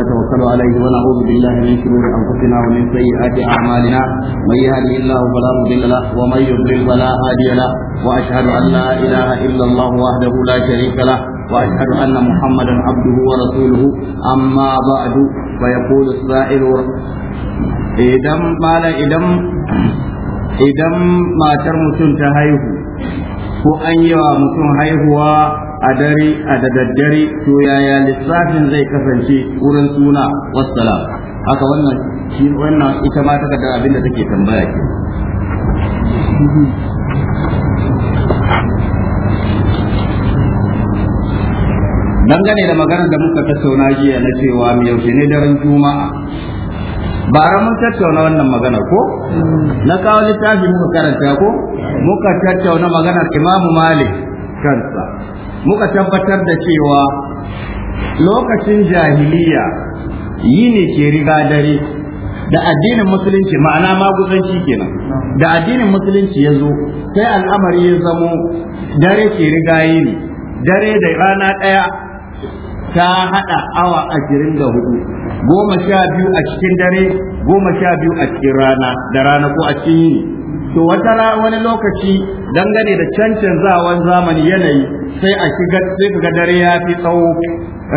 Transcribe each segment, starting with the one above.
نتوكل عليه ونعوذ بالله من شرور انفسنا ومن سيئات اعمالنا من يهده الله فلا مضل له ومن يضلل فلا هادي له واشهد ان لا اله الا الله وحده لا شريك له واشهد ان محمدا عبده ورسوله اما بعد فيقول السائل اذا قال اذا idan matar mutum ta haihu ko an yi wa mutum haihuwa a dare a daddare to yaya lissafin zai kasance wurin suna wassalam haka wannan shi wannan ita ma take da abin da take tambaya ke dangane da maganar da muka tattauna jiya na cewa mu yaushe ne daren juma'a bara mun tattauna wannan magana ko na kawo littafi muka karanta ko muka tattauna maganar imamu malik kansa muka tabbatar da cewa lokacin jahiliya yi ne ke riga dare da addinin musulunci ma'ana maguzanci kenan da addinin musulunci ya zo sai al'amari ya zamo dare ke riga yi ne dare da rana ɗaya ta haɗa awa ashirin da hudu goma sha biyu a cikin dare goma sha biyu a cikin rana da rana ko a cikin yini to wata wani lokaci dangane da cancanzawan zamani yanayi sai a shiga sai ga dare ya fi tsawo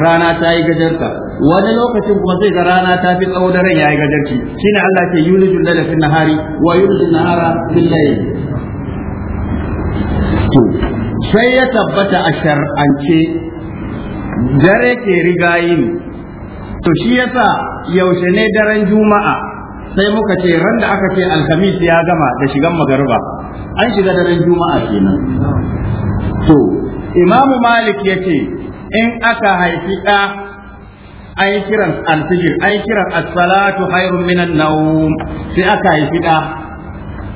rana ta yi gajarta wani lokacin kuma sai ga rana ta fi tsawo daren ya yi gajarci shine Allah ke yuliju lalla fi nahari wa yuliju nahara fi layl to sai ya tabbata a shar'ance dare ke rigayin to shi yasa yaushe ne daren juma'a sai muka ce ran da aka ce alhamis ya gama da shigan magariba an shiga daren juma'a kenan to Imam malik ya ce in aka haifi ɗa kiran alfijir an kiran as-salatu khairun minan nawm sai aka haifi ɗa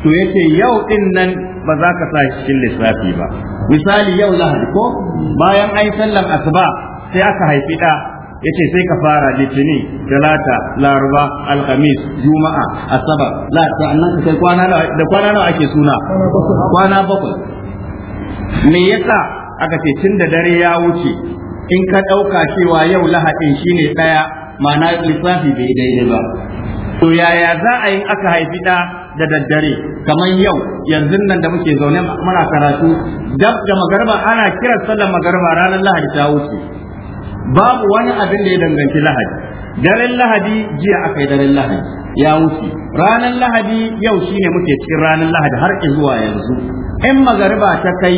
to yace yau din nan ba za ka sa cikin lissafi ba misali yau lahadi ko bayan an yi sallar asuba sai aka haifi ɗa yace sai ka fara litini talata laraba alhamis juma'a asabar la ta annan sai kwana da kwana nawa ake suna kwana bakwai me yasa aka ce tun da dare ya wuce in ka ɗauka cewa yau lahadin shine ɗaya ma'ana lissafi bai daidai ba to yaya za a yi aka haifi da da daddare kamar yau yanzu nan da muke zaune muna karatu dab da magarba ana kiran sallar magarba ranar lahadi ta wuce babu wani abin da ya danganci lahadi daren lahadi jiya aka yi daren lahadi ya wuce ranar lahadi yau shine muke cikin ranar lahadi har zuwa yanzu in magariba ta kai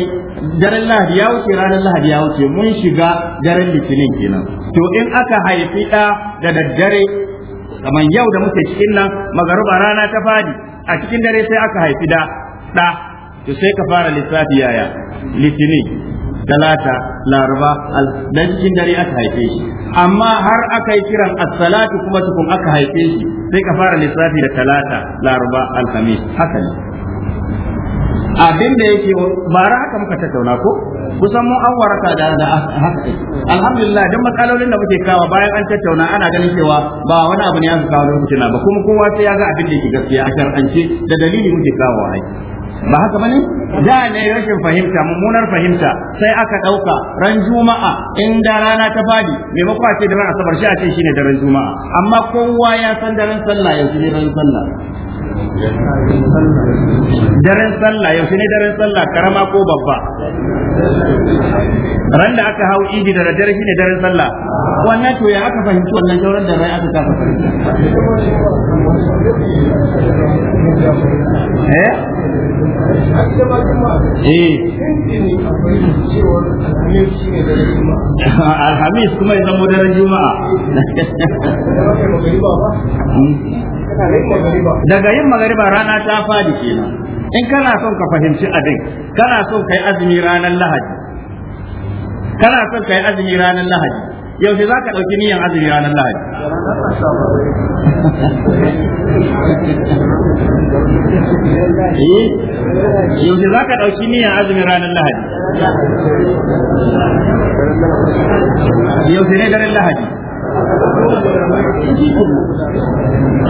daren lahadi ya wuce ranar lahadi ya wuce mun shiga daren litinin kenan to in aka haifi ɗa da daddare kamar yau da muke cikin nan magariba rana ta fadi a cikin dare sai aka haifi da ɗa to sai ka fara lissafi yaya litinin talata laraba dan cikin dare aka haife shi amma har aka yi kiran as-salatu kuma tukun aka haife shi sai ka fara lissafi da talata laraba alhamis haka ne abin da yake bara haka muka tattauna ko kusan mu an waraka da haka alhamdulillah dan matsalolin da muke kawa bayan an tattauna ana ganin cewa ba wani abu ne ya kawo lokacin ba kuma kowa sai ya ga abin da yake gaskiya a shar'ance da dalili muke kawo ai ba haka bane da ne rashin fahimta mummunar fahimta sai aka dauka ran juma'a in da rana ta fadi me ba da ran asabar shi a ce shine ran juma'a amma kowa ya san daren sallah yanzu ne ran sallah daren sallah yaushe ne daren sallah karama ko babba ran da aka hau idi da daren shine daren sallah wannan to ya aka fahimci wannan dauran da rai aka kafa eh? eh alhamis kuma ya zama daren juma'a daga yin magariba rana ta fadi kenan in kana son ka fahimci abin kana son kai azumi ranar lahadi kana son kai azumi ranar lahadi yaushe za ka ɗauki niyan azumi ranar lahadi eh, yaushe za ka ɗauki niyan azumi ranar lahadi yaushe ne daren lahadi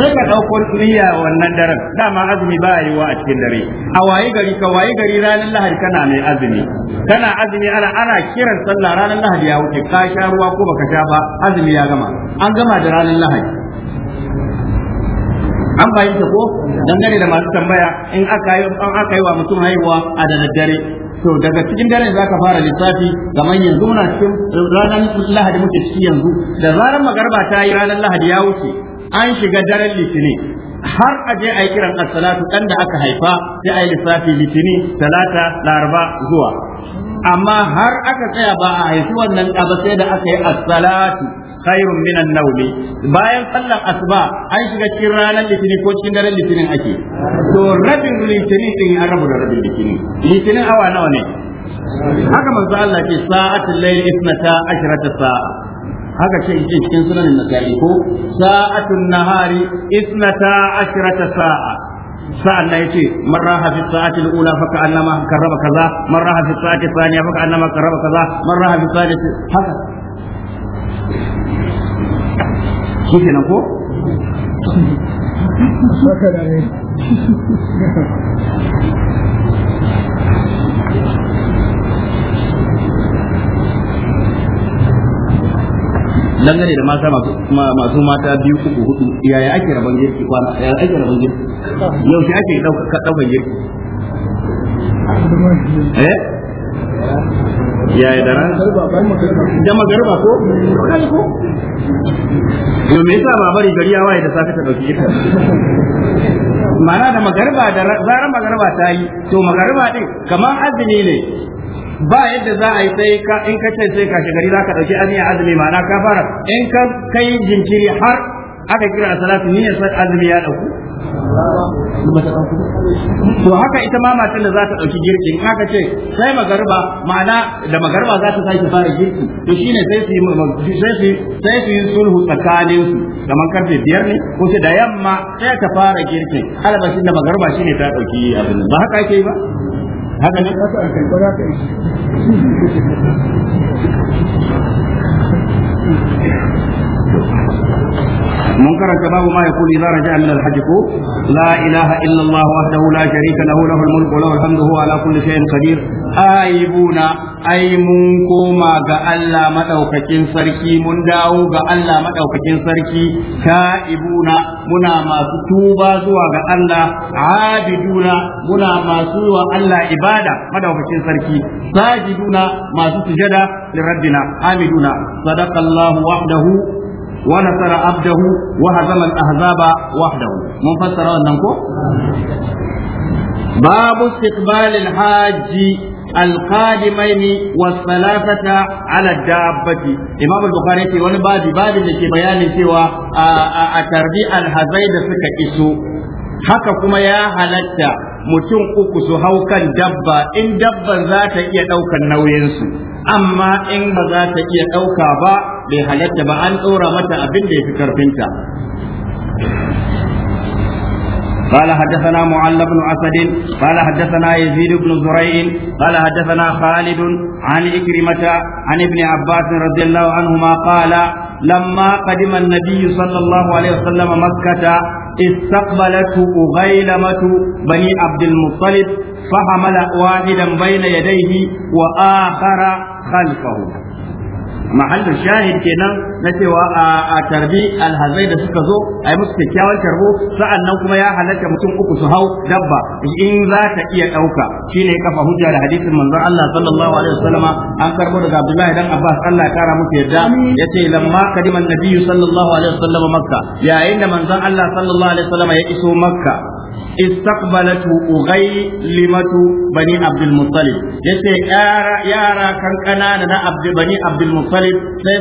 sai ka ɗauko niyya wannan daren dama azumi ba yi wa a cikin dare a waye gari ka waye gari ranar lahadi kana mai azumi kana azumi ana ana kiran sallah ranar lahadi ya wuce ka sha ruwa ko baka sha ba azumi ya gama an gama da ranar lahadi an bayyanta ko dangane da masu tambaya in aka yi wa mutum haihuwa a da daddare to daga cikin dare za ka fara lissafi kamar yanzu muna cikin ranar lahadi muke ciki yanzu da zarar magarba ta yi ranar lahadi ya wuce an shiga daren litinin har a je a yi kiran assalatu dan da aka haifa sai a yi lissafi litinin talata laraba zuwa amma har aka tsaya ba a haifi wannan ba sai da aka yi assalatu khairun minan nawmi bayan sallar asuba an shiga cikin ranar litinin ko cikin daren litinin ake to rabin litinin din an rabu da rabin litinin litinin awa nawa ne haka manzo Allah ce sa'atul layl isnata ashrata sa'a haka ce yake cikin sunan nasari ko sa'atun nahari isnata ashrata sa'a sa'an nan yace man raha fi sa'ati al-ula fa ka'annama karraba kaza man raha fi sa'ati thaniya fa ka'annama karraba kaza man raha fi sa'ati haka shi kenan ko dangane da mata masu mata biyu uku hudu yaya ake rabon girki kwana yaya ake rabon girki yau shi ake daukan girki eh yaya da da magarba ko kai ko yau me yasa babari gari ya waye da safe ta dauki ita mana da magarba da zaran magarba ta yi to magarba din kamar azumi ne ba yadda za a yi sai ka in ka ce sai kashi gari za ka ɗauki azumi azumi ma'ana ka fara in ka kai jinkiri har aka kira salatu niyyar azumi ya ɗauku to haka ita ma matan da za ta dauki girkin haka ce sai magarba ma'ana da magarba za ta sake fara girki to shine sai su yi sai su sai su yi sulhu tsakanin su kamar karfe biyar ne ko sai da yamma sai ta fara girkin albashin da magarba shine ta dauki abin ba haka yake yi ba haka ne karanta babu ma yaqulu idza raja'a ko la ilaha illa Allah wahdahu la sharika lahu lahu al hamdu huwa ala kulli shay'in qadir aibuna ai mun koma ga Allah madaukakin sarki mun dawo ga Allah madaukakin sarki ta'ibuna muna masu tuba zuwa ga Allah abiduna muna masu Allah ibada maɗaukakin sarki sajiduna masu sujada lirabbina amiduna sadaqallahu wahdahu ونصر عبده وهزم الأحزاب وحده من فسر أنكم باب استقبال الحاج القادمين والثلاثة على الدابة إمام البخاري في وانا بعد بعد اللي بيان سوى أتربي الهزيد سكا haka kuma ya halatta mutum uku su hau kan dabba in dabban za ta iya ɗaukan nauyinsu amma in ba za ta iya ɗauka ba bai halatta ba an ɗora mata abin da ya fi karfinta قال حدثنا معل بن اسد قال حدثنا يزيد بن زريع قال حدثنا خالد عن إكرمة عن ابن عباس رضي الله عنهما قال لما قدم النبي صلى الله عليه وسلم مكة استقبلته أغيلمة بني عبد المطلب فحمل واحدا بين يديه وآخر خلفه mahallin shahid kenan na cewa a tarbi alhazai da suka zo a yi musu kyakkyawan tarbo sa'an nan kuma ya halarta mutum uku su hau dabba in za ta iya ɗauka Shi ne kafa hujja da hadisin manzan Allah sallallahu alaihi wasallama an karbo daga Abdullahi dan Abbas Allah ya kara musu yadda yace lamma kadiman nabiyyu sallallahu alaihi makka yayin da manzon Allah sallallahu ya iso makka istaqbalatu ughaylimatu bani abdul muttalib yace yara kankana kan na bani abdul sai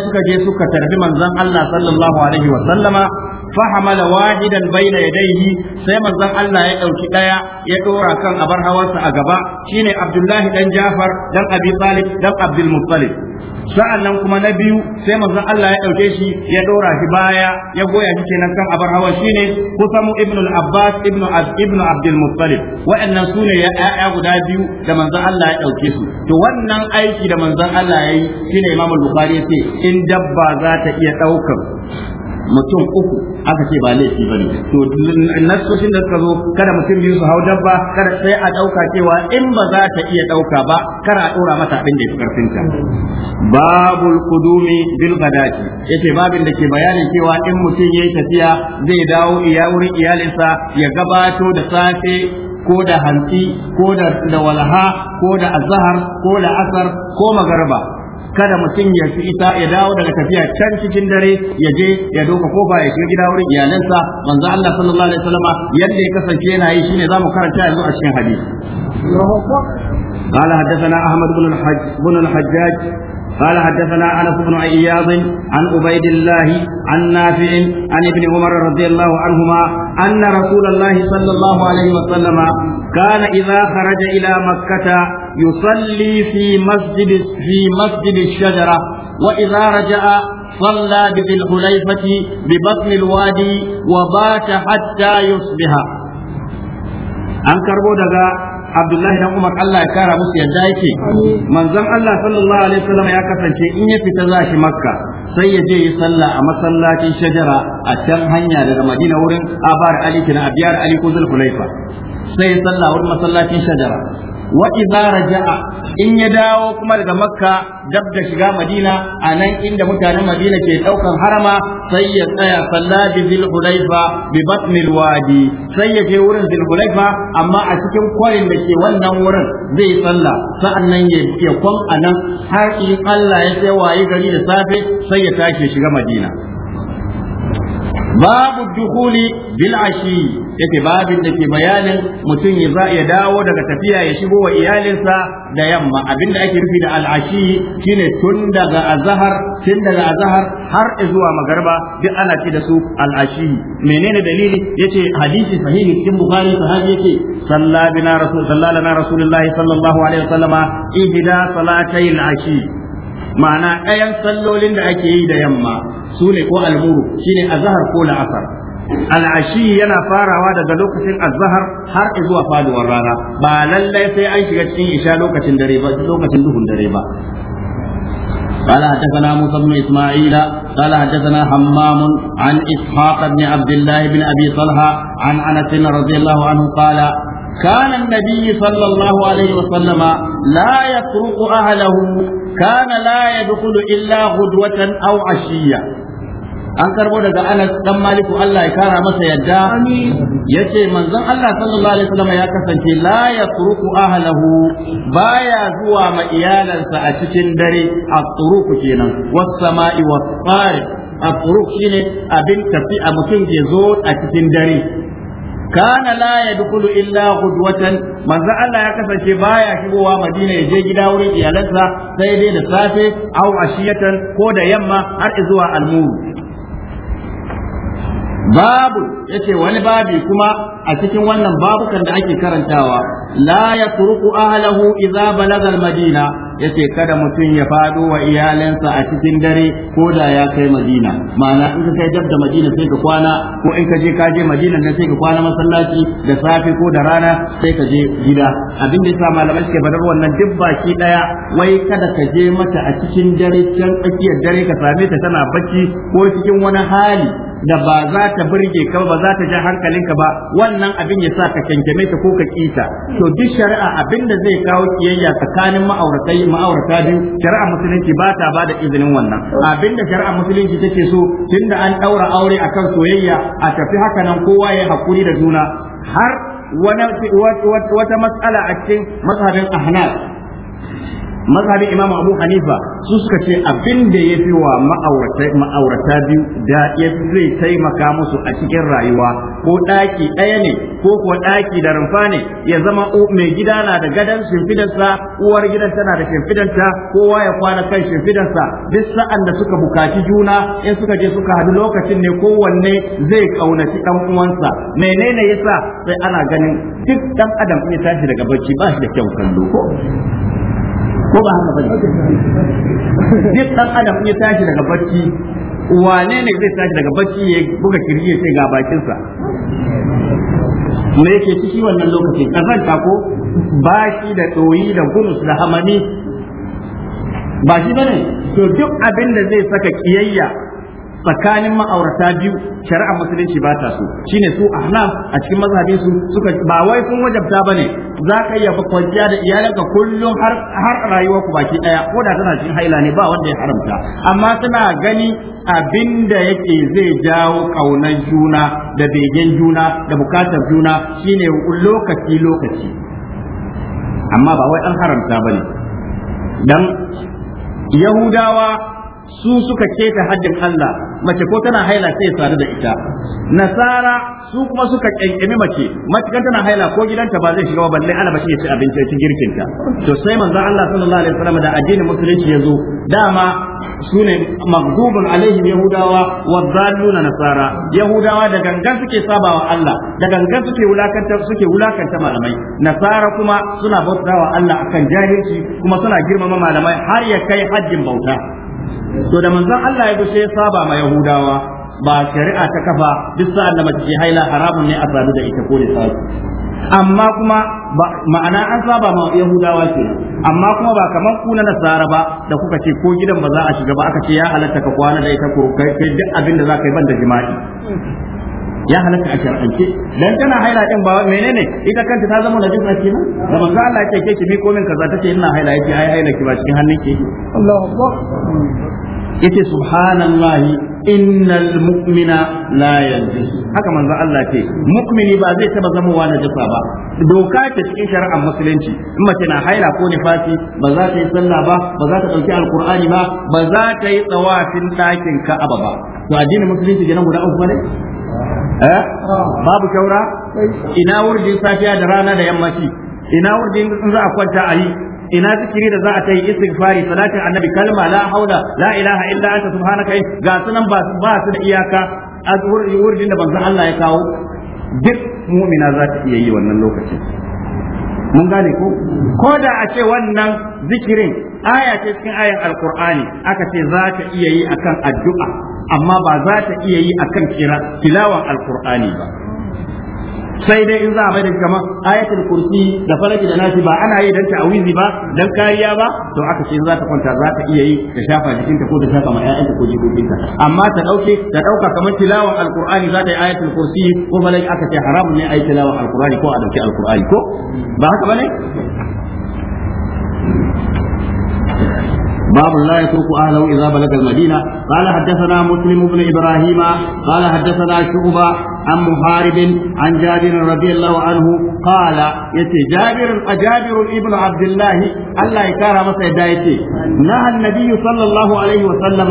suka je suka tarbi manzon Allah sallallahu fa wahidan baina yadayhi sai manzon Allah ya dauki daya ya dora kan abar hawarsa a gaba shine Abdullahi dan Jafar dan Abi Talib dan Abdul Muttalib sa'annan kuma na biyu sai manzon Allah ya dauke shi ya dora shi baya ya goya shi kenan kan abar hawa shine Kusamu ibn al-Abbas ibn ibn Abdul Muttalib wa'annan sune ya ya guda biyu da manzon Allah ya dauke su to wannan aiki da manzon Allah ya yi shine Imam Bukhari ya ce in dabba za ta iya daukar mutum uku aka ce ba laifi ba ne. to nasoshin da suka zo kada mutum biyu su hau dabba kada sai a ɗauka cewa in ba za ta iya ɗauka ba kada a dora mata abin da ya fi karfin ta babul qudumi bil badati yace babin da ke bayanin cewa in mutum yayi tafiya zai dawo iya wurin iyalinsa ya gabato da safe ko da hanti ko da walha ko da azhar ko da asar ko magarba kada mutum ya fi isa ya dawo daga tafiya can cikin dare ya je ya doka kofa ya shiga gida wurin iyalansa manzo Allah sallallahu alaihi wasallam yadda ya kasance yana yi shine zamu karanta yanzu a cikin hadisi قال حدثنا احمد بن الحج بن الحجاج قال حدثنا انس بن اياض عن عبيد الله عن نافع عن ابن عمر رضي الله عنهما ان رسول الله صلى الله عليه وسلم كان اذا خرج الى مكه يصلي في مسجد في مسجد الشجرة وإذا رجع صلى بذي الحليفة ببطن الوادي وبات حتى يصبح أنكر بودغا Abdullahi dan Umar Allah ya kara musu yadda yake manzon Allah sallallahu alaihi wasallam ya kasance in ya fita za shi Makka sai ya je yi sallah a masallacin shajara a can hanya daga Madina wurin Abar Ali kina Abiyar Ali ko Zulhulaifa sai ya sallah wurin masallacin shajara wa idza raja'a in ya dawo kuma daga makka dab da shiga madina a nan inda mutanen madina ke daukan harama sai ya tsaya salla bi zil bi batnil wadi sai ya je wurin zil hulaifa amma a cikin kwarin da ke wannan wurin zai salla sa'annan ya ke kwan anan har in Allah ya sai wayi gari da safe sai ya tashi shiga madina babu dukuli bil ashi yace babin da ke bayanin mutum ya ya dawo daga tafiya ya shigo wa iyalinsa da yamma abinda ake rufe da al shine tun daga azhar tun daga azhar har zuwa magarba duk ana ce da su al ashi menene dalili yace hadisi sahihi cikin bukhari sahabi yace salla bina rasul sallallahu alaihi wasallam ihda salatay al ashi ma'ana ɗayan sallolin da ake yi da yamma su ne ko almuru shine azhar ko la'asar al'ashi yana farawa daga lokacin azhar har zuwa faduwar rana ba lallai sai an shiga cikin isha lokacin dare ba lokacin duhun dare ba قال حدثنا موسى بن اسماعيل قال حدثنا حمام عن اسحاق بن عبد الله بن ابي طلحه عن انس رضي الله عنه قال كان النبي صلى الله عليه وسلم لا يترك اهله kana la yadkhulu illa ghudwatan aw ashiya an karbo daga Anas dan Maliku Allah ya kara masa yadda yace manzon Allah sallallahu alaihi wasallam ya kasance la yatruku ahlahu baya zuwa ma iyalansa a cikin dare at kenan was sama'i was tariq at shine abin tafi a mutum ke zo a cikin dare kana la yadkhulu illa ghudwatan manzo Allah ya kasance baya shigowa Madina ya je gida wurin iyalansa sai dai da safe aw ashiyatan ko da yamma har zuwa almuru babu yace wani babi kuma a cikin wannan babukan da ake karantawa la yatruku ahlahu idza balagal madina yace kada mutum ya fado wa iyalansa a cikin dare ko da ya kai madina ma'ana in ka kai dab madina sai ka kwana ko in ka je ka je madina ne sai ka kwana masallaci da safe ko da rana sai ka je gida abin da yasa malamai suke fadar wannan duk baki daya wai kada ka je mata a cikin dare can tsakiyar dare ka same ta tana bacci ko cikin wani hali da ba za ta burge ka ba za ta ja hankalinka ba wannan abin ya sa ka kyankyame ta ko ka kita to duk shari'a abin da zai kawo kiyayya tsakanin ma'auratai ma'aurata biyu shari'a musulunci ba ta ba da izinin wannan abin da shari'a musulunci take so tunda an ɗaura aure akan soyayya a tafi haka nan kowa ya hakuri da juna har wata matsala a cikin mazhabin ahnaf mazhabin imamu abu hanifa su suka ce abin da ya fi wa ma'aurata biyu da ya zai taimaka musu a cikin rayuwa ko ɗaki ɗaya ne ko kuwa ɗaki da rumfa ne ya zama mai gida na da gadon shimfidansa uwar gidan tana da shimfidanta kowa ya kwana kan shimfidansa duk sa'an da suka bukaci juna in suka je suka haɗu lokacin ne kowanne zai kaunaci ɗan uwansa menene yasa sai ana ganin duk ɗan adam ya tashi daga bacci ba shi da kyau kallo ko ko ba haka bane duk dan adam ya tashi daga bacci wane ne zai tashi daga bacci ya buga kirji ya ce ga bakinsa me yake ciki wannan lokacin ta ko bashi da toyi da gurus da hamani ba shi bane to duk abin da zai saka kiyayya tsakanin ma'aurata biyu shari'ar musulunci ba ta so shine su ahnaf a cikin mazhabin su suka ba wai kun wajabta bane za ka iya kwanciya da iyalanka kullum har har rayuwar ku baki daya ko da tana cikin haila ne ba wanda ya haramta amma suna gani abinda yake zai jawo ƙaunar juna da begen juna da bukatar juna shine lokaci lokaci amma ba wai an haramta bane dan yahudawa su suka keta haddin Allah mace ko tana haila sai sadu da ita nasara su kuma suka kyankyami mace mace kan tana haila ko gidanta ba zai shiga ba balle ana bashi ya ci abinci cikin girkin ta to sai manzo Allah sallallahu alaihi wasallam da addinin musulunci ya zo dama sune maghdubun alaihim yahudawa wa dhalluna nasara yahudawa da gangan suke sabawa Allah da gangan suke wulakanta suke wulakanta malamai nasara kuma suna bautawa Allah akan jahilci kuma suna girmama malamai har ya kai hajjin bauta to da manzon Allah ya sai saba ma yahudawa ba shari'a ta kafa duk sa'an da mace haila haramun ne a sadu da ita ko da amma kuma ma'ana an saba ma yahudawa ce, amma kuma ba kamar ku na nasara ba da kuka ce ko gidan ba za a shiga ba aka ce ya halatta ka kwana da ita ko kai duk abin da za ka yi ban da jima'i ya halatta a shar'ance dan tana haila din ba menene ita kanta ta zama najisa kenan da manzo Allah yake ke ki mi komin kaza ce ina haila yake ai haila ki ba cikin hannun ke? Allahu Akbar yace subhanallah innal mu'mina la yanjis haka manzo Allah ce mu'mini ba zai taba zama wa jisa ba doka ta cikin shari'ar musulunci in mace na haila ko nifasi ba za ta yi sallah ba ba za ta dauki alqur'ani ba ba za ta yi tsawafin dakin ka'aba ba to addinin musulunci gidan guda uku ne Eh? babu shaura ina wurdin safiya da rana da yammaci ina wurdin in za a kwanta a yi ina zikiri da za a ta yi istighfari salatin annabi kalma la haula la ilaha illa anta subhanaka eh, ga sunan ba ba su da iyaka azhur wurdin da banzan Allah ya kawo duk mu'mina za ta iya yi wannan lokacin mun gane ku? ko da a ce wannan zikirin aya ce cikin ayan alkur'ani aka ce za ta iya yi akan addu'a amma ba za ta iya yi akan kira tilawan alkur'ani ba sai dai in za a bada kamar ayatul kursi da falaki da nasi ba ana yi dan ta'awizi ba dan kariya ba to aka ce za ta kwanta za ta iya yi ta shafa jikinta ko ta shafa ma ƴaƴanta ko jikokinta amma ta dauke ta dauka kamar tilawan alqur'ani za ta yi ayatul kursi ko falaki aka ce haramun ne ayi tilawan alqur'ani ko a dauki alqur'ani ko ba haka bane باب لا يترك اهله اذا بلغ المدينه قال حدثنا مسلم بن ابراهيم قال حدثنا شعبه عن محارب عن جابر رضي الله عنه قال يتي جابر أجابر ابن عبد الله الله يكرم سيدايتي نهى النبي صلى الله عليه وسلم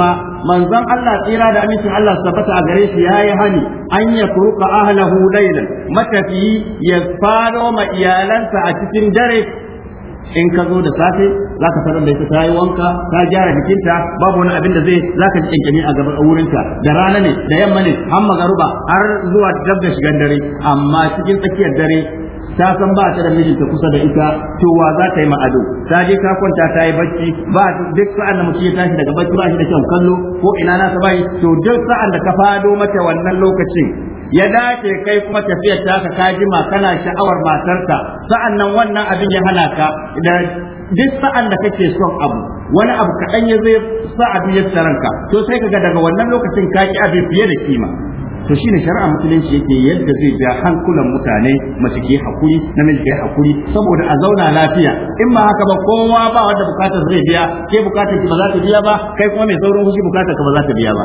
من زم الله تيرا دا أمين الله ثبت أغريش يا يهني أن يفرق أهله ليلا متى في يفارو ما إيالان سأتكين درس in ka zo da safe za ka sanar da ita ta yi wanka ta gyara jikinta babu wani abin da zai za ka ji kyankyami a gaban wurinta da rana ne da yamma ne har magaruba har zuwa dab da shigan dare amma cikin tsakiyar dare ta san ba ta da mijinta kusa da ita to wa za ta yi ma'ado ta je ta kwanta ta yi bacci ba duk sa'an da mutum ya tashi daga bacci ba shi da kyan kallo ko ina na ta bayi? to duk sa'an da ka fado mata wannan lokacin ya dace kai kuma tafiyar taka ka jima kana sha'awar matarka sa'annan wannan abin ya hana ka da duk sa'an da kake son abu wani abu kaɗan ya zai sa abin ya ranka to sai kaga daga wannan lokacin ka ki abin fiye da kima to shine shari'a musulunci yake yadda zai ja hankulan mutane masu ke hakuri mai ke hakuri saboda a zauna lafiya in ma haka ba kowa ba wanda bukatar zai biya ke bukatar ki ba za ta biya ba kai kuma mai saurin kuki bukatar ka ba za ta biya ba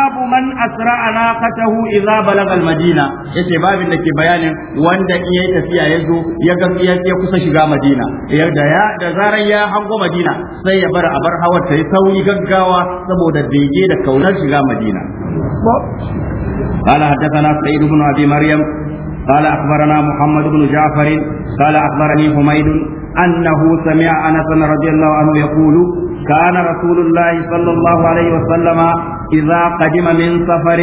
asra anaqatahu idza balagha al-madina yace babin da ke bayanin wanda in yayi tafiya ya zo ya ga ya kusa shiga madina yarda ya da zaran ya hango madina sai ya bar abar hawar ta yi sauri gaggawa saboda bege da kaunar shiga madina قال حدثنا سعيد بن ابي مريم قال اخبرنا محمد بن جعفر قال اخبرني حميد انه سمع انس رضي الله عنه يقول كان رسول الله صلى الله عليه وسلم إذا قدم من سفر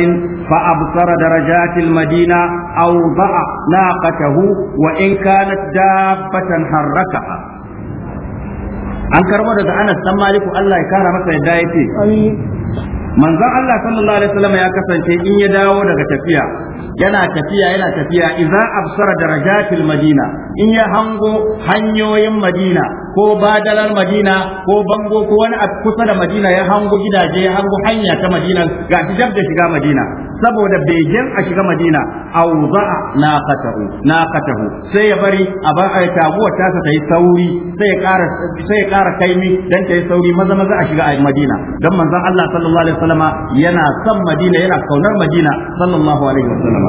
فأبصر درجات المدينة أوضع ناقته وإن كانت دابة حركها an karbo daga anas dan maliku Allah ya kara masa ya ce manzon Allah sallallahu alaihi wasallam ya kasance in ya dawo daga tafiya yana tafiya yana tafiya idan absara darajatil madina in ya hango hanyoyin madina ko badalar madina ko bango ko wani kusa da madina ya hango gidaje ya hango hanya ta madina ga jab da shiga madina saboda begen a shiga madina katahu na katahu sai ya bari a ba a tabuwa tasa ta yi sauri sai ya kara sai ya kaimi dan ta yi sauri maza maza a shiga madina dan manzon Allah sallallahu alaihi wasallama yana son madina yana kaunar madina sallallahu alaihi wasallam wasallam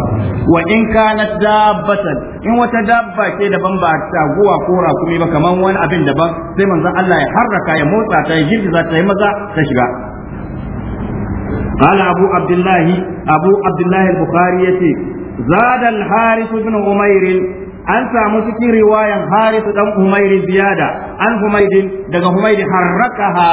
wa in kana dabbatan in wata dabba ce daban ba guwa ko rakumi ba kamar wani abin daban sai manzon Allah ya harraka ya motsa ta ya girgiza ta yi maza ta shiga قال أبو عبد الله أبو عبد الله البخاري زاد الحارث بن عمير an samu cikin riwayan halisu dan humairi ziyada an humairi daga humairi harrakaha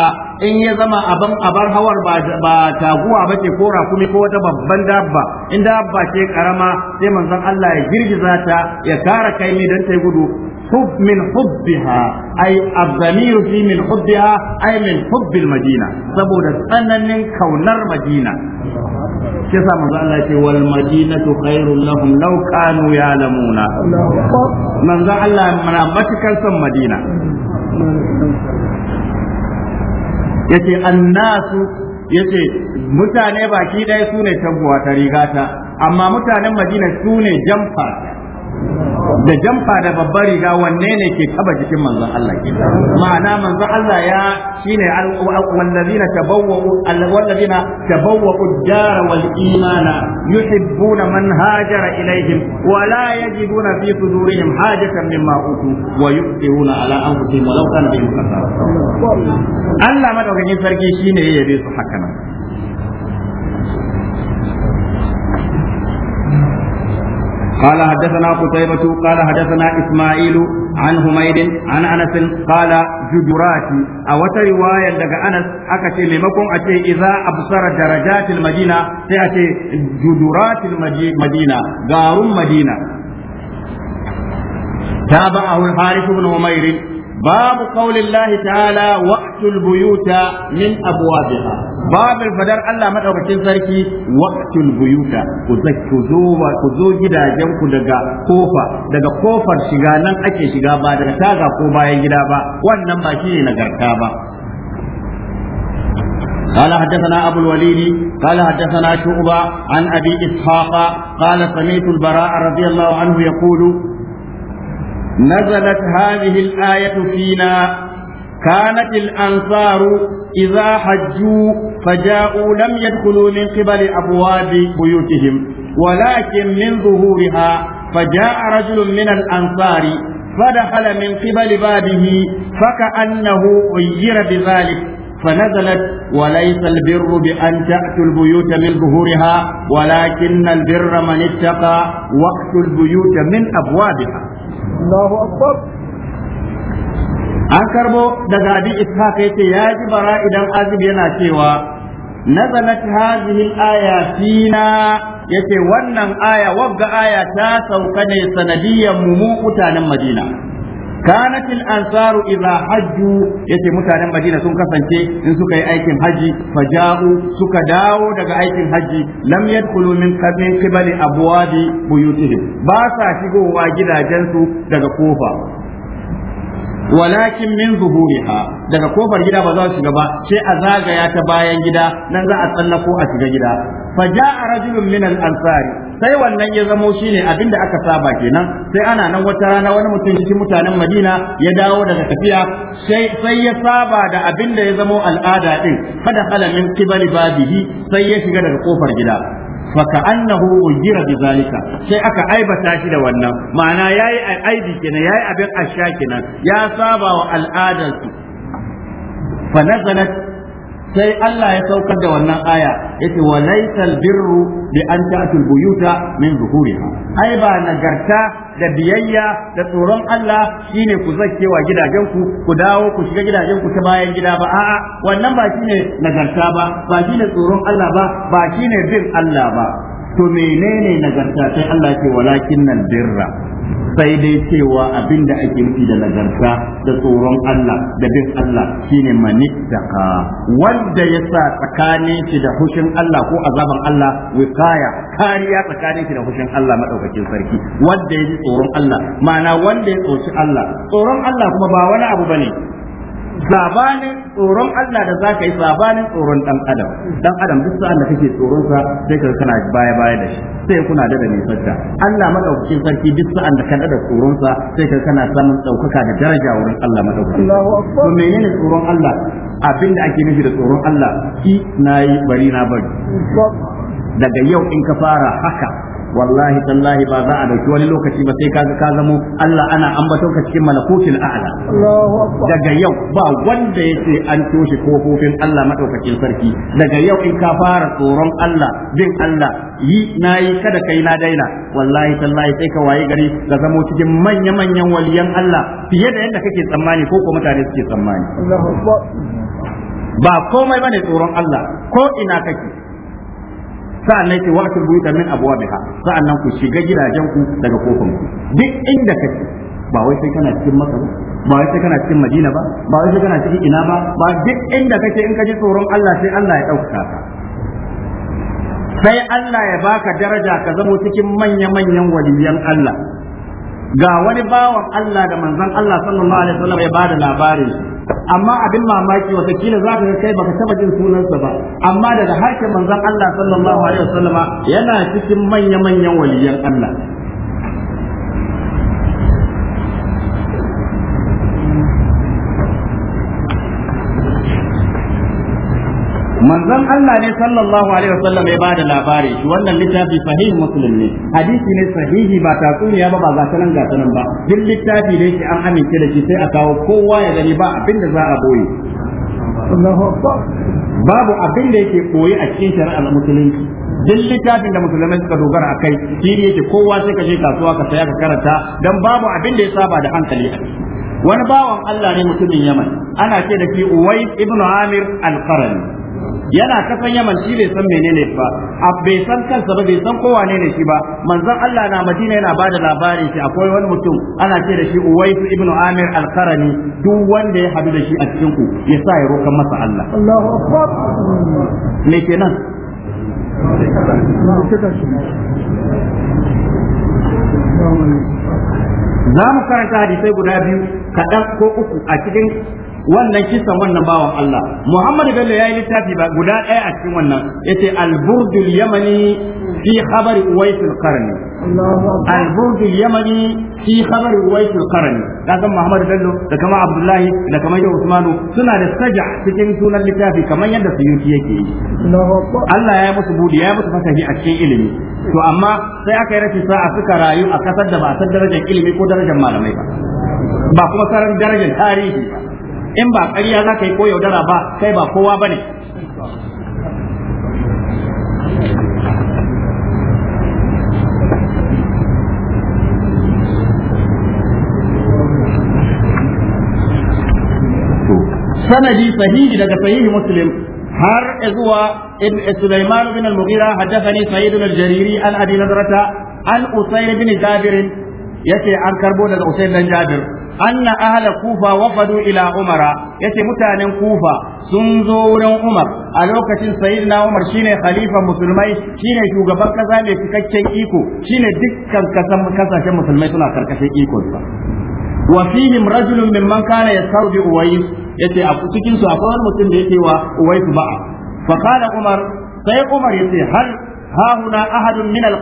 in ya zama aban abar hawar ba ba taguwa bace ko rakumi ko wata babban dabba in dabba ce karama sai manzon Allah ya girgiza ta ya kara kai ne dan tai gudu hub min hubbiha ay az fi min hubbiha ay min hubbil madina saboda tsananin kaunar madina shi manzo Allah ce wal madinatu khairul lahum law kanu ya'lamuna manzo Allah mana matakan san madina yace annasu yace mutane baki ɗaya su ne tabbuwa ta rigata amma mutanen madina sune jamfa da jamfa da babbar riga wanne ne ke kaba jikin manzon Allah ke ma'ana manzon Allah ya shine wallazina tabawwa'u wallazina tabawwa'u ad-dara wal imana yuhibbuna man hajara ilaihim wa la yajiduna fi sudurihim hajatan mimma utu wa yuqtiruna ala anfusihim wa law kana bihim Allah madaukakin sarki shine ya yabe su haka nan قال حدثنا قتيبة قال حدثنا إسماعيل عن حميد عن أنس قال جدراتي أو رواية لك أنس أكتي لمكم أتي إذا أبصر درجات المدينة سيأتي جدرات المدينة غار مدينة تابعه الحارث بن عمير باب قول الله تعالى وقت البيوت من أبوابها باب الفدر الله ما دوكين سركي وقت البيوت كزو كزو جدا جنك دغا كوفا دغا كوفر شيغا نان ake shiga ba daga taga ko bayan gida ba wannan ba shine nagarta ba قال حدثنا أبو الوليد قال حدثنا شعبة عن أبي إسحاق قال سمعت البراء رضي الله عنه يقول نزلت هذه الآية فينا كانت الأنصار إذا حجوا فجاءوا لم يدخلوا من قبل أبواب بيوتهم ولكن من ظهورها فجاء رجل من الأنصار فدخل من قبل بابه فكأنه غير بذلك فنزلت وليس البر بأن تأتوا البيوت من ظهورها ولكن البر من اتقى وقت البيوت من أبوابها an karbo daga abin ishaq yace ya ji bara idan azib yana cewa nazalat hadhihi al-aya yace wannan aya wagga aya ta sauka ne sanadiyan mu mutanen madina kanat al-ansaru idha hajju yace mutanen Madina sun kasance in suka yi aikin hajji, faja'u suka dawo daga aikin haji lam yadkhulu min qabli qibali abwabi buyutihim ba sa shigowa gidajensu daga kofa walakin min zuhuriha daga kofar gida ba za su shiga ba sai a zagaya ta bayan gida nan za a tsallako a shiga gida fa ja'a rajulun min al-ansari sai wannan ya zamo shine abin da aka saba kenan sai ana nan wata rana wani mutum cikin mutanen Madina ya dawo daga tafiya sai ya saba da abin da ya zamo al'ada din kada kala min qibali babihi sai ya shiga daga kofar gida faka annahu ujira bi zalika sai aka aibata shi da wannan ma'ana yayi aibi kenan yayi abin asha kenan ya saba wa al'adar su sai Allah ya saukar da wannan aya yace wa laysal birru bi an ta'tul buyuta min zuhuriha ai ba nagarta da biyayya da tsoron Allah shine ku wa gidajenku ku dawo ku shiga gidajenku ta bayan gida ba a'a wannan ba shine nagarta ba ba shine tsoron Allah ba ba shine bin Allah ba to menene nagarta sai Allah ke walakin nan birra sai dai cewa abinda ake nufi da nagarta da tsoron Allah da bin Allah shine manittaka wanda ya sa tsakanin shi da hushin Allah ko azaban Allah wikaya kariya tsakanin shi da hushin Allah madaukakin sarki wanda ya ji tsoron Allah ma'ana wanda ya tsoci Allah tsoron Allah kuma ba wani abu bane sabanin tsoron Allah da za ka yi sabanin tsoron dan adam dan adam duk sa'an da kake tsoron sa sai ka kana baya baya da shi sai kuna da da nisanta Allah madaukakin sarki duk sa'an da kana da tsoron sa sai ka kana samun daukaka da daraja wurin Allah madaukakin Allahu akbar menene tsoron Allah abin ake nufi da tsoron Allah ki nayi bari na bari daga yau in ka fara haka wallahi tallahi ba za a dauki wani lokaci ba sai kaga ka zamo Allah ana ambaton ka cikin malakutul a'la daga yau ba wanda yace an toshe kofofin Allah madaukakin sarki daga yau in ka fara tsoron Allah bin Allah yi nayi kada kai na daina wallahi tallahi sai ka waye gari ka zamo cikin manya manyan waliyan Allah fiye da yadda kake tsammani ko ko mutane suke tsammani ba komai bane tsoron Allah ko ina kake sa'an nan ce wa atul min abwabiha sa'an nan ku shiga gidajen ku daga kofar ku duk inda kake ba wai sai kana cikin Makka ba ba wai sai kana cikin Madina ba ba wai sai kana cikin ina ba ba duk inda kake in ka ji tsoron Allah sai Allah ya dauka ka sai Allah ya baka daraja ka zama cikin manya-manyan waliyan Allah ga wani bawan Allah da manzon Allah sallallahu alaihi wasallam ya bada labarin amma abin mamaki wata kila za ka kai baka taɓa jin sunansa ba amma daga harshen manzon Allah sallallahu alaihi wasallama yana cikin manya manyan waliyan Allah manzon Allah ne sallallahu alaihi wasallam ya bada labari shi wannan littafi sahih muslim ne hadisi ne sahihi ba tatsuniya ba ba gatanan nan ba duk littafi da yake an amince da shi sai a kawo kowa ya gani ba abin da za a boye babu abin da yake koyi a cikin shari'ar musulunci duk littafin da musulmai suka dogara akai shi ne yake kowa sai ka je kasuwa ka saya ka karanta dan babu abin da ya saba da hankali a wani bawan Allah ne mutumin Yaman ana ce da shi Uwais ibn Amir al-Qarni yana kasan yaman shi bai san menene ba a bai san kansa ba bai san kowa ne shi ba manzon Allah na Madina yana ba da labarin shi akwai wani mutum ana ce da shi Uwais ibn Amir al-Qarani duk wanda ya hadu da shi a cikin ku ya sa ya roƙa masa Allah Allahu Akbar me kenan za mu karanta hadisai guda biyu kaɗan ko uku a cikin wannan kisan wannan bawan Allah Muhammad Bello ya yi littafi ba guda ɗaya a cikin wannan yace al-burdul yamani fi khabari uwais al-qarni al-burdul yamani fi khabari uwais al-qarni kaga Muhammad Bello da kama Abdullahi da kama Yau Usmanu suna da saja cikin sunan littafi kamar yadda Suyuti yake yi Allah ya yi musu budi ya yi musu fasahi a cikin ilimi to amma sai aka yi rashin sa'a suka rayu a kasar da ba a san darajar ilimi ko darajar malamai ba ba kuma sarar darajar tarihi ba in ba ƙarya za ka yi ko yaudara ba kai ba kowa ba ne sanadi sahihi daga sahihi muslim har zuwa ibn Sulaiman bin al-Mughira haddathani Sa'id al-Jariri an Abi Nadrata an Usayr bin Jabir yace an karbo daga Usayr dan Jabir anna ahla kufa wafadu ila umara yace mutanen kufa sun zo wurin umar a lokacin sayyidina umar shine khalifa musulmai shine shugaban kasa mai cikakken iko shine dukkan kasan kasashen musulmai suna karkashin sa wa fihim rajulun mimman kana yasaru bi uwais yace a cikin su akwai wani mutum da yake wa uwais ba'a fa kana umar sai umar yace hal ha huna ahadun min al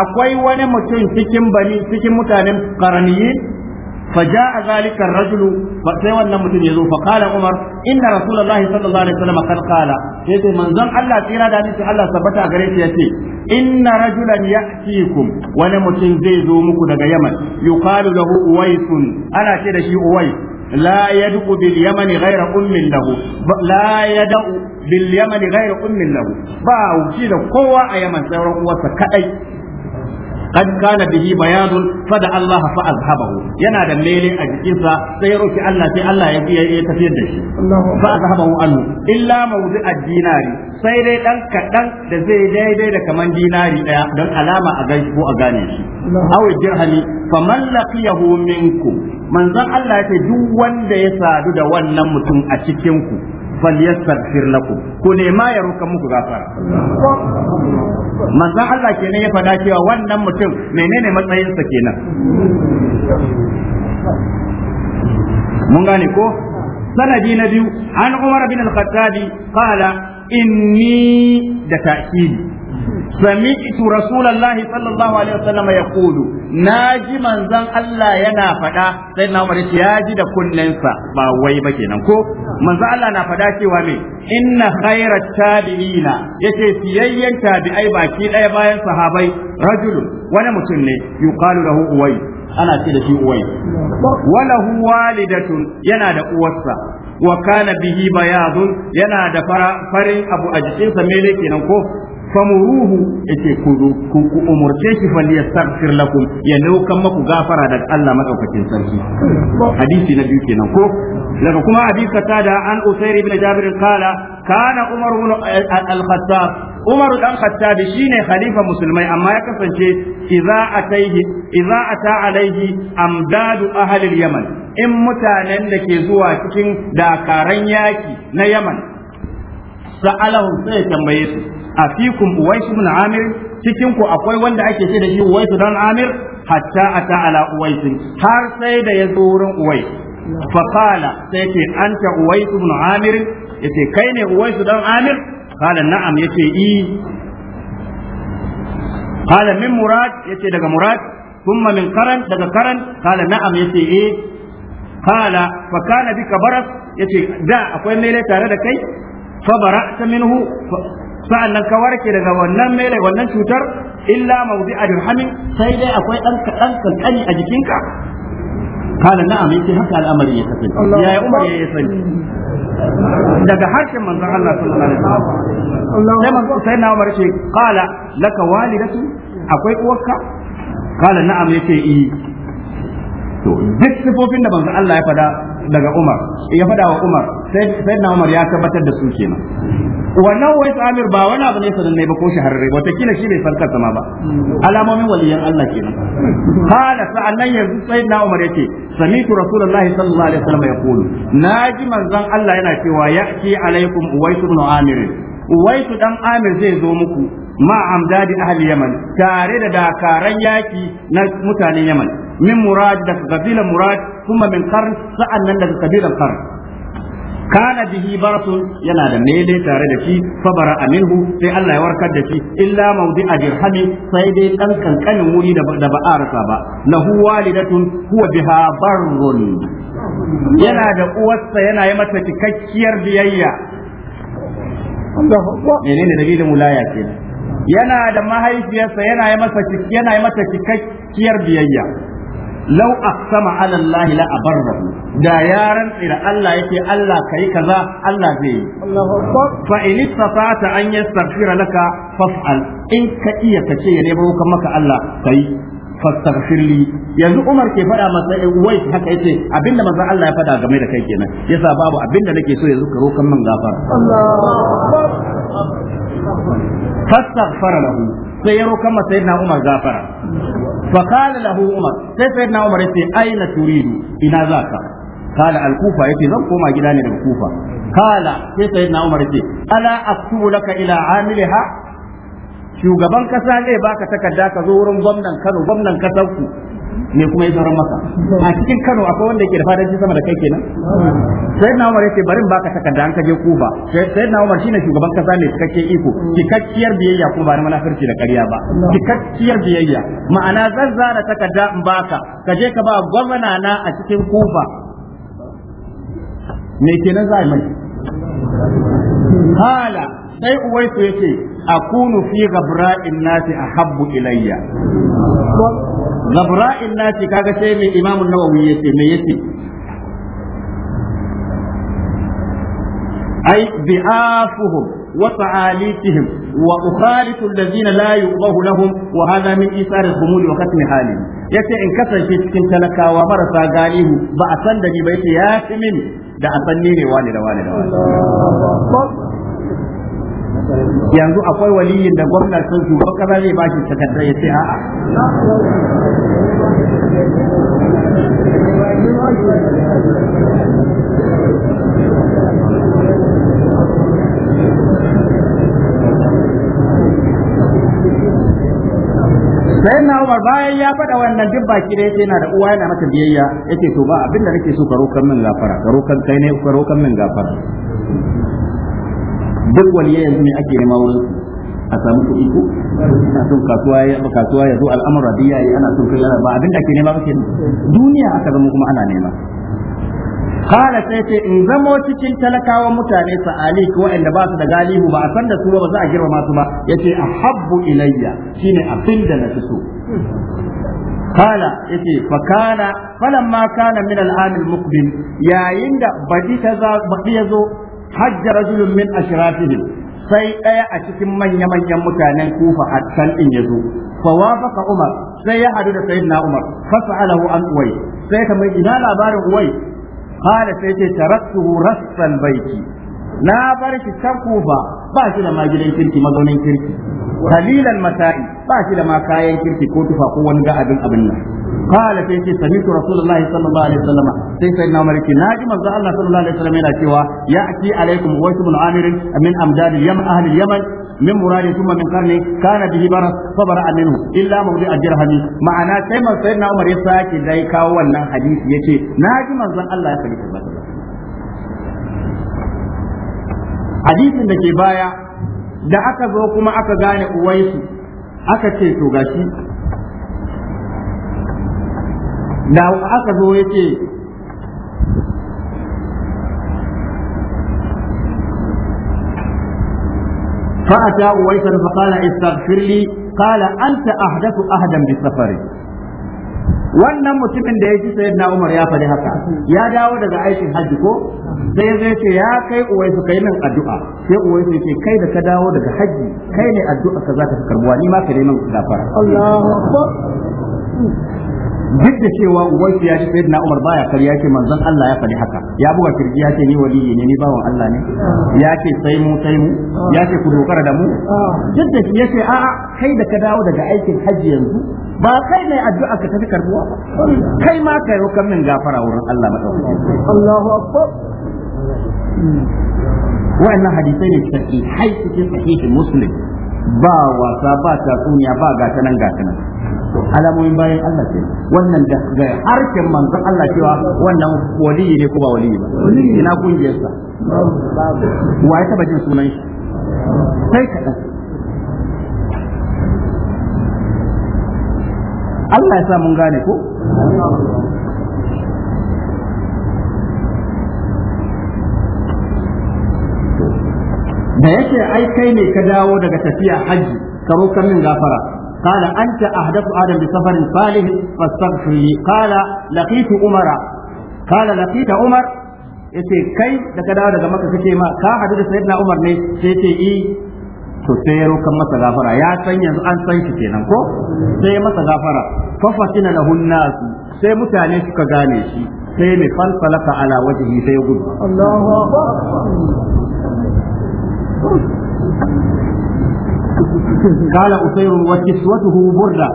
akwai wani mutum cikin bani cikin mutanen qaraniyin فجاء ذلك الرجل فسي wannan mutum yazo fa kala Umar inna Rasulullah sallallahu alaihi wasallam kan kala yace manzon Allah tsira da nabi Allah sabata gare shi ce. inna rajulan ya'tikum wani mutum zai zo muku daga Yaman yuqalu lahu Uwaisun ana ce da shi Uwais لا يدعو باليمن غير أم له لا يدعو باليمن غير أم له ba shi da kowa a Yaman sauran uwarsa kaɗai. قد كان به بياض فدعا الله فأذهبه ينا da mele a jikinsa sai ya roki Allah sai Allah ya ya tafiyar da shi fa azhabahu anhu illa mawdi ad-dinari sai dai ɗan kaɗan da zai daidai da kamar dinari ɗaya don alama a gaishi ko a gane shi aw dirhami faman laqiyahu minkum manzon Allah ya ce duk wanda ya sadu da wannan mutum a cikin ku falyastaghfir lakum ku nema ya roka muku gafara manzon Allah kenan ya faɗa cewa wannan mutum menene matsayinsa kenan mun gane ko sanadi na biyu an Umar bin Al-Khattabi qala inni da ta'kidi سمعت رسول الله صلى الله عليه وسلم يقول ناجي من زن الله ينا فدا سيدنا عمر ياجي دا كننسا ba wai ba kenan ko manzo Allah na fada cewa me inna khairat tabi'ina yace siyayyan tabi'ai baki daya bayan sahabai rajulu wani mutum ne yuqalu lahu uwai ana ce da shi uwai walahu walidatun yana da uwarsa wa kana bihi bayadun yana da farin abu a jikinsa mele kenan ko famuruhu yace ku ku ku umurce shi fa liyastaghfir lakum ya daukan maku gafara daga Allah madaukakin sarki hadisi na biyu kenan ko daga kuma ta da an usair ibn jabir qala kana umar ibn al-khattab umar dan khattab shine khalifa musulmai amma ya kasance idza ataihi idza ata alaihi amdadu ahli al-yaman in mutanen da ke zuwa cikin dakaran yaki na yaman sa'alahu sai tambaye su fikum uwaisu ibn amir cikin ku akwai wanda ake ce da shi uwaisu dan amir hatta ata ala uwais har sai da yazo wurin uwais fa qala sai ce anta uwaisu ibn amir yace kai ne uwaisu dan amir qala na'am yace i qala min murad yace daga murad thumma min karan daga karan qala na'am yace i eh. kala fa kana bika baras yace da akwai mele tare da kai fa bara'ta minhu sa'annan ka warke daga wannan mele wannan cutar illa mawdi'a dirhamin sai dai akwai dan kadan a jikinka kana na'am yace haka al'amari ya kasance ya umar ya sani daga harshen manzon Allah sallallahu alaihi wasallam sai manzon sai na umar ce qala laka walidatu akwai uwarka kala na'am duk sifofin da manzon Allah ya fada daga Umar ya faɗa wa Umar sai na Umar ya tabbatar da su kenan wannan wai Amir ba wani abu ne ne ba ko shahararre wata kila shi bai farka sama ba alamomin waliyan Allah kenan kana sa'annan yanzu na Umar yace sami'tu rasulullahi sallallahu alaihi wasallam yaqulu naji manzon Allah yana cewa ya'ti alaikum uwais ibn Amir uwais dan Amir zai zo muku ma amdadi ahli Yaman tare da dakaran yaki na mutanen Yaman min murad daga kabilan murad kuma min kar sa'an nan daga kabilan kar. kana bihi baratun yana da mele tare da shi fabara aminhu sai Allah ya warkar da shi illa mawdi dirhami sai dai dan kankanin wuri da ba a rasa ba lahu walidatun huwa biha barrun yana da uwarsa yana yi mata cikakkiyar biyayya menene dalilin mulaya ke yana da mahaifiyarsa yana yi mata cikakkiyar biyayya law aqsama ala Allah la abarrahu da ya rantsi da Allah yake Allah kai kaza Allah zai yi fa in istata an in ka iya kace ya nemo kan maka Allah kai fastaghfirli yanzu Umar ke faɗa masa eh, wai haka yace abinda manzo Allah ya faɗa game da kai kenan yasa babu abinda nake so yanzu ka rokan min gafara fastaghfara lahu sai ya rokan masa Umar gafara fa qala lahu umar sai sayyidina umar yace aina turidu ina zaka kala al yace zan koma gida ne daga kufa kala sai sayyidina umar yace ala aktubu laka ila amiliha shugaban ƙasa zai baka takarda ka zo wurin gwamnan Kano gwamnan kasar Ne kuma ya sauran masa a cikin Kano akwai wanda yake da fadanci sama da kai kenan sai na Umar yace bari in baka takarda an kaje Kuba sai na Umar shine shugaban kasa mai cikakken iko cikakkiyar biyayya kuma ba na munafirci da ƙarya ba cikakkiyar biyayya ma'ana zan zana takarda in baka kaje ka ba gwamna na a cikin Kuba me kenan za a yi mai hala sai uwaisu yake kunu fi ghabra'in nasi habbu ilayya gabra'in nasi kaga sai mai imamun nawawi ce me yake. ai bi'afuhum la yuqahu lahum wa يقضه min isar al-humul wa وختم hali. yace in kasance cikin talakawa marasa galihu ba a san da ni ba yace ya fi mini da a san ne wani da wani da wani yanzu akwai waliyin da gwamnar sun shugaban kasa zai bashi takardar ya ce a'a sai na Umar bayan ya faɗa wannan duk baki da yake yana da uwa yana mata biyayya yake to ba abin da nake so ka rokan min gafara ka rokan kai ne ka rokan min gafara duk wani yanzu me ake nema wurin su a samu kuɗi ko ana son kasuwa ya ba kasuwa ya zo al'amura biya ya ana son kai ba abin da ake nema ba ke duniya aka zama kuma ana nema kala sai ce in zamo cikin talakawan mutane sa'alik inda ba su da galihu ba a san da su ba za a girma masu ba yace ahabbu ilayya shine abin da na fi so kala yace fa kana falamma kana min al-amin muqbil yayin da badi ta za badi yazo hajja rajulun min ashrafihim sai ɗaya a cikin manya-manyan mutanen kufa a can ɗin ya zo fawafaka umar sai ya hadu da na umar alahu an uwai sai ka mai ina labarin uwai qala sai ce taraktuhu rassan baiti na bar shi can kufa ba shi da ma gidan kirki mazaunin kirki kalilan matari ba shi da ma kayan kirki ko tufa ko wani ga abin abin nan qala sai ce sami'tu rasulullahi sallallahu alaihi wasallam sai sai na marki naji manzo Allah sallallahu alaihi wasallam yana cewa ya ati alaikum wa ibn amir min amdad yam ahli min muradi thumma min qarni kana bihi baras fabara minhu illa mawdi ajrahani ma'ana sai man sai na umar ya sake dai kawo wannan hadisi yace naji manzo Allah ya faɗi hadisin da ke baya da aka zo kuma aka gane uwaisu aka ce to gashi da aka zo ya ce فأتى أويسر فقال استغفر لي قال أنت أحدث أهدا بالسفر wannan mutumin da ya ji sayyidina Umar ya faɗi haka ya dawo daga aikin hajji ko sai zai ce ya kai uwai su kai min addu'a sai uwai su ce kai da ka dawo daga hajji kai ne addu'a ka zaka karbuwa ni ma ka neman gafara Allahu akbar duk da cewa ubansu ya ce sayyidina Umar baya kariya ce manzon Allah ya faɗi haka ya buga kirji ya ce ni wali ne ni bawan Allah ne ya ce sai mu sai mu ya ce ku dogara da mu duk da ya ce a'a kai da ka dawo daga aikin hajji yanzu ba kai ne addu'a ka tafi karbuwa ba kai ma kai rokan min gafara wurin Allah madaukaki Allahu akbar wa'annan hadisai ne sahihai cikin sahihin muslim ba wasa ba tatsuniya ba gatanan nan alamomin bayan Allah ce wannan da ga harkin manzon Allah cewa wannan waliyi ne ko ba waliyi ba ina na sa wa ya taba jin sunan shi sai ka Allah ya sa mun gane ko da yake ai kai ne ka dawo daga tafiya hajji ka roƙa min gafara قال أنت أحدث آدم بسفر صالح فاستغفر لي قال لقيت عمر قال لقيت عمر yace kai da ka dawo daga maka kace ma ka hadu da sayyidina Umar ne sai yace i to sai ya masa gafara ya san yanzu an san shi kenan ko sai ya masa gafara fa fasina lahu su, sai mutane suka gane shi sai mai falsalaka ala wajhi sai ya gudu Allahu akbar قال أسير وكسوته بردة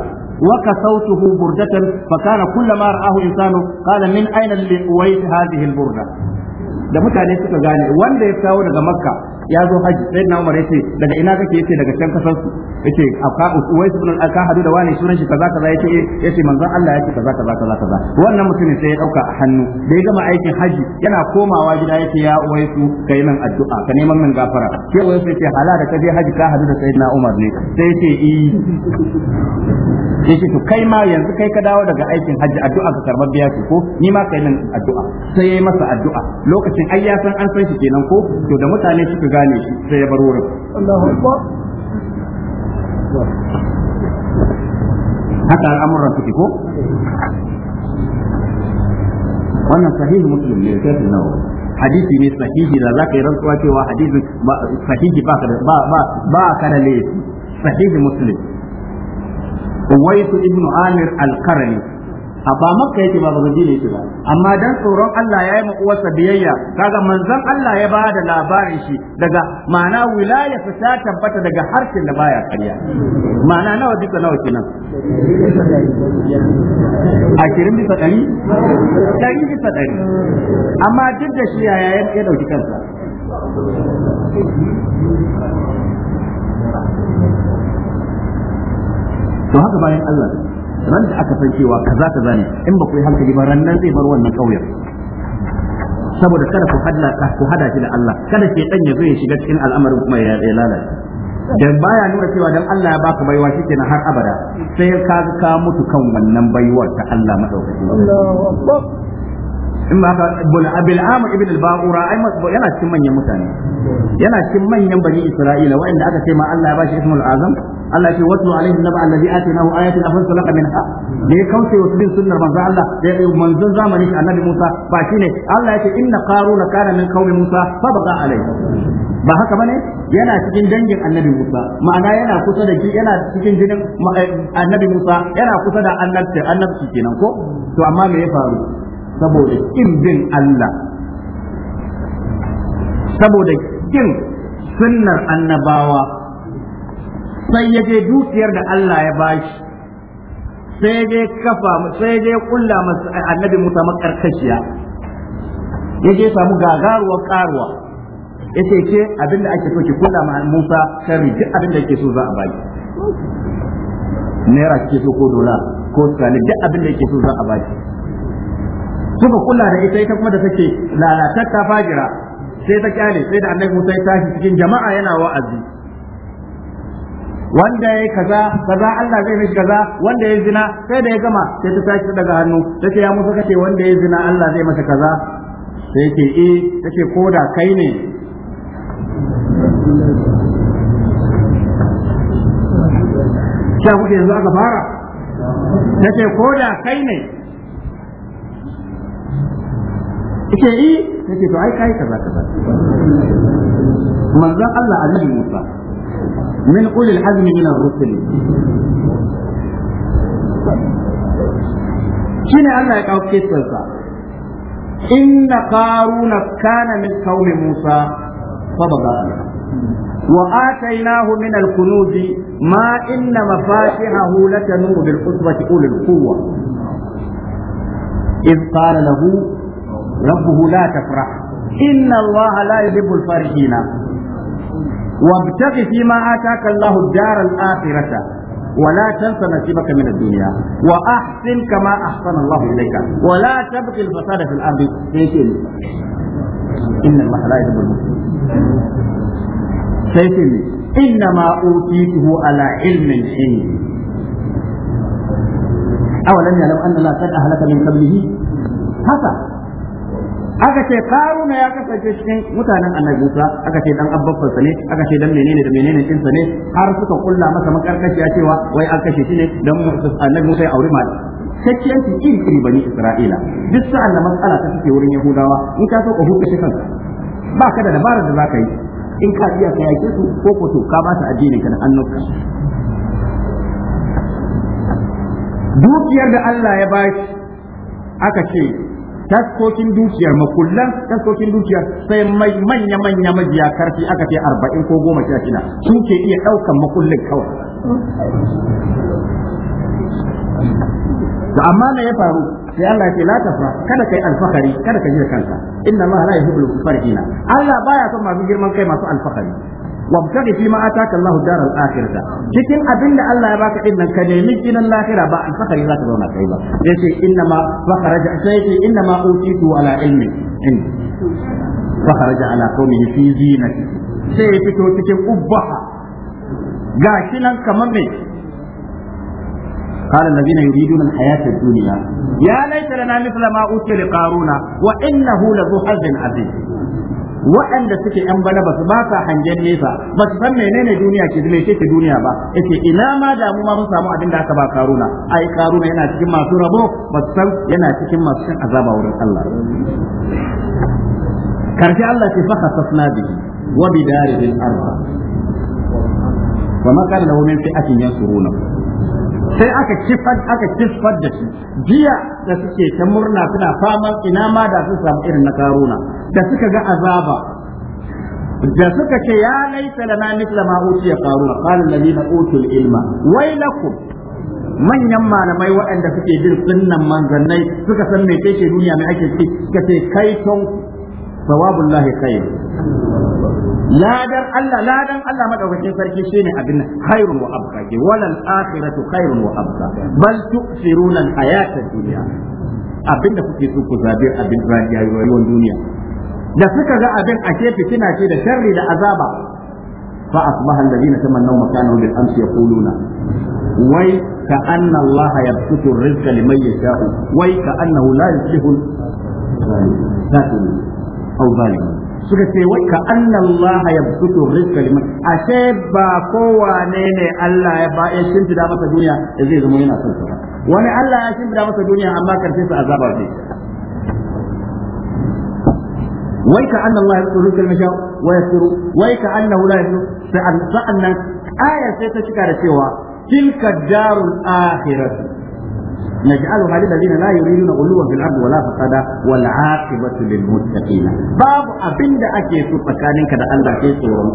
وكسوته بردة فكان كلما رآه إنسان قال من أين لأويت هذه البردة da mutane suka gane wanda ya kawo daga makka ya zo haji sai na umar yace daga ina kake yace daga can kasar su yace aka uwais ibn al-aka hadu da wani sunan shi kaza kaza yace yace manzon Allah yace kaza kaza kaza kaza wannan mutumin sai ya dauka a hannu da ya gama aikin haji yana komawa gida yace ya uwaisu kai nan addu'a ka neman min gafara sai uwaisu yace hala da kaje haji ka hadu da sayyidina umar ne sai yace i eh. yace to kai ma yanzu kai ka dawo daga aikin haji addu'a ka karbar biya ce ko ni ma kai nan addu'a sai ya masa addu'a lokacin ai ya san an san shi kenan ko to da mutane suka ga gane shi sai ya bar wurin haka al'amuran suke ko wannan sahihi muslim ne sai nawa hadisi ne sahihi da zaka yi rantsuwa cewa hadisi sahihi ba ba ba kana ne sahihi muslim Uwaisu ibn Amir al-Karni a ba makka yake ba ba madina ne ba amma dan tsoron Allah ya yi ma uwarsa biyayya kaga manzon Allah ya bada labarin shi daga ma'ana wilaya ta ta tabbata daga harshen da baya kariya ma'ana nawa duka nawa kenan kirin bisa ɗari ɗari bisa ɗari amma duk da shi yaya ya dauki kansa to haka bayan Allah ran da aka san cewa kaza kaza zane in ba ku yi hankali ba ran nan zai bar wannan kauyen saboda kada ku hada ku hada shi da Allah kada ke dan ya zo ya shiga cikin al'amarin kuma ya lalace dan baya nuna cewa dan Allah ya baka baiwa shikenan har abada sai ka ka mutu kan wannan baiwar ta Allah madaukakin in ba ka bun abil amu ibn al-baqura ai yana cikin manyan mutane yana cikin manyan bani isra'ila wa'anda aka ce ma Allah ya bashi ismul azam Allah ya ce wasu alaihi naba allazi atainahu ayatin afan salaka minha ne kauce wasu bin sunnar manzo Allah da manzon zamani annabi Musa ba shine Allah ya ce inna qaruna kana min qaumi Musa fa baqa alaihi ba haka bane yana cikin dangin annabi Musa ma'ana yana kusa da yana cikin jinin eh, annabi Musa yana kusa da annabci annabci kenan ko to amma me ya faru saboda kin bin Allah saboda kin sunnar annabawa sai ya je dukiyar da Allah ya bashi sai je kafa sai je kulla masa annabi Musa makarkashiya ya je samu gagaruwa karuwa ce ke abinda ake so ki kulla ma Musa sharri duk abinda yake so za a baki naira kike so ko dola ko sali duk abinda yake so za a baki suka kula da ita ita kuma da take lalatar ta fajira sai ta kyale sai da annabi Musa ya tashi cikin jama'a yana wa'azi wanda ya kaza kaza Allah zai mishi kaza wanda ya zina sai da ya gama sai ta tashi daga hannu take ya Musa kace wanda ya zina Allah zai masa kaza sai yake eh take ko da kai ne Sha kuke yanzu aka fara? Tace ko da kai ne, ce eh nake to ai kai kaza kaza manzon Allah annabi Musa min ulil azmi min ar-rusul shine Allah ya kawo inna qaruna kana min qaumi Musa fa وآتيناه من الكنوز ما إن مفاتحه لتنور بالعصبة أولي القوة إذ قال له rabbuhu la tafrah inna Allah la yuhibbul farihina وابتغ فيما آتاك الله الدار الآخرة ولا تنس نصيبك من الدنيا وأحسن كما أحسن الله إليك ولا تبغ الفساد في الأرض إن الله لا يحب المسلمين إنما أوتيته على علم عندي أولم يعلم أن لا قد أهلك من قبله حسن aka ce karuna ya kasance cikin mutanen annabi Musa aka ce dan sa ne aka ce dan menene da menene ne har suka kulla masa makarkashiya cewa wai an kashe shi ne dan annabi Musa ya auri mata kakkiyanci iri iri bani Isra'ila duk sa'an da matsala ta take wurin Yahudawa in ka so ka shi kanka ba ka da dabarar da za ka yi in ka iya ka yake su ko ko to ka ba ta addinin ka da hannunka dukiyar da Allah ya bashi aka ce taskokin dukiyar makullan taskokin dukiyar sai mai manya manya majiya karfi aka ce arba'in ko goma sha shida su ke iya ɗaukan makullin kawai to amma me ya faru sai Allah ya ce la tafra kada kai alfahari kada ka ji kanka inna Allah la yuhibbul mutafariqina Allah baya son masu girman kai masu alfahari wabtaghi fi ma ataka Allahu daral akhirah cikin abin da Allah ya baka din nan ka nemi gidan lahira ba alfakari za ka zauna kai ba yace inna ma fakharaja sai yace inna ma utitu ala ilmi in eh. fakharaja ala qawmihi fi zinati sai ya fito cikin ubbaha gashi nan kamar me قال الذين يريدون الحياة الدنيا يا ليت لنا مثل ما أوتي لقارون وإنه لذو حظ عظيم waɗanda suke yan bana ba su ba sa hangen nesa ba su san menene duniya ke zile ce duniya ba yace ina ma da mu ma mun samu abin da aka ba karuna ai karuna yana cikin masu rabo ba su san yana cikin masu cin azaba wurin Allah karshe Allah ce fa khasafna bihi wa bidarihi al wa ma lahu min fi'atin yansuruna sai aka kifar aka kifar da shi jiya da suke ta murna suna faman ina ma da sun samu irin na karuna da suka ga azaba da suka ce ya laisa lana mithla ma utiya karuna qala alladhina utul ilma wailakum manyan malamai waɗanda suke bin sunnan manzannai suka san me ke duniya mai ake ciki kace kai ton thawabullahi khair ladan Allah ladan Allah madaukakin sarki shine abin khairun wa abqa wal akhiratu khairun wa abqa bal tu'thiruna al hayata dunya abinda kuke so ku zabi abin rayuwar duniya da suka ga abin ake fitina ce da sharri da azaba fa asbaha alladhina tamannaw makanahu bil amsi yaquluna wai ka anna allaha yabsutu rizqa liman yasha'u wai ka annahu la yuslihu aw zalimin suka ce wai ka annan annallaha yabsutu rizqa liman ashe ba kowa ne Allah ya ba ya shimfida masa duniya da zai zama yana son sa wani Allah ya shimfida masa duniya amma karshe sa azaba ce wai ka annan annallaha yabsutu rizqa liman wa yasiru wai ka annahu la yasiru sa'an sa'an nan aya sai ta cika da cewa tilka darul akhirah نجعلها للذين لا يريدون غلوا في الارض ولا فسادا والعاقبه للمتقين باب ابين da ake so tsakaninka da Allah sai tsoron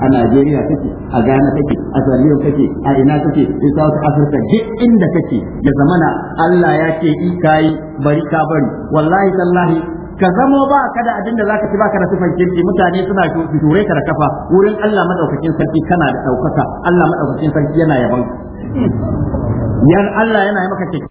a Najeriya kake a Ghana kake a Saliyo kake a ina kake a South Africa duk inda kake ya zamana Allah ya ce i bari ka bari wallahi tallahi ka zamo ba ka da abin da zaka ci baka da sifan kirki mutane suna jure ka da kafa wurin Allah maɗaukacin sarki kana da daukaka Allah maɗaukacin sarki yana yaban yan Allah yana yi maka